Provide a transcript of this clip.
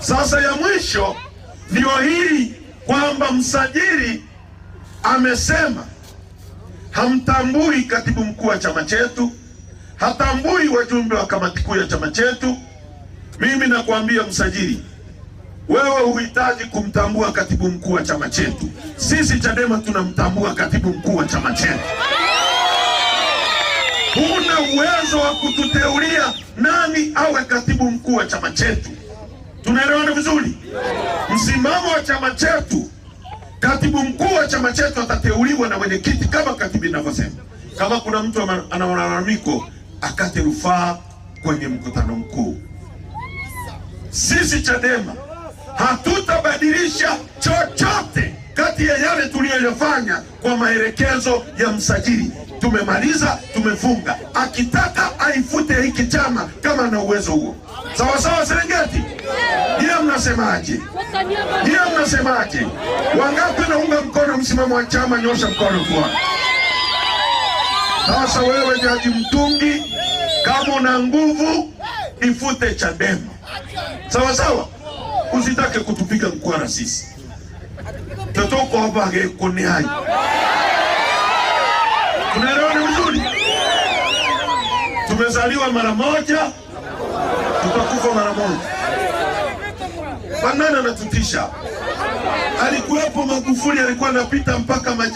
Sasa ya mwisho ndio hili kwamba msajili amesema hamtambui katibu mkuu wa chama chetu, hatambui wajumbe wa kamati kuu ya chama chetu. Mimi nakwambia msajili, wewe huhitaji kumtambua katibu mkuu wa chama chetu. Sisi Chadema tunamtambua katibu mkuu wa chama chetu. Huna uwezo wa kututeulia nani awe katibu mkuu wa chama chetu. Tunaelewana vizuri? Msimamo wa chama chetu, katibu mkuu wa chama chetu atateuliwa na mwenyekiti kama katibu inavyosema. Kama kuna mtu ana malalamiko akate rufaa kwenye mkutano mkuu. Sisi Chadema hatutabadilisha chochote kati ya yale tuliyoyafanya kwa maelekezo ya msajili. Tumemaliza, tumefunga. Akitaka aifute hiki chama kama ana uwezo huo. Sawa sawa, Serengeti mnasemaje? Hiyo mnasemaje? Wangapi naunga mkono msimamo wa chama? Nyosha mkono kwa. Sasa wewe Jaji Mtungi, kama una nguvu ifute Chadema, sawa sawa, usitake kutupiga mkwara sisi totokovage kuni hai tunaelewana vizuri. Tumezaliwa mara moja, tutakufa mara moja manana anatutisha. Alikuwepo Magufuli, alikuwa anapita mpaka majengo.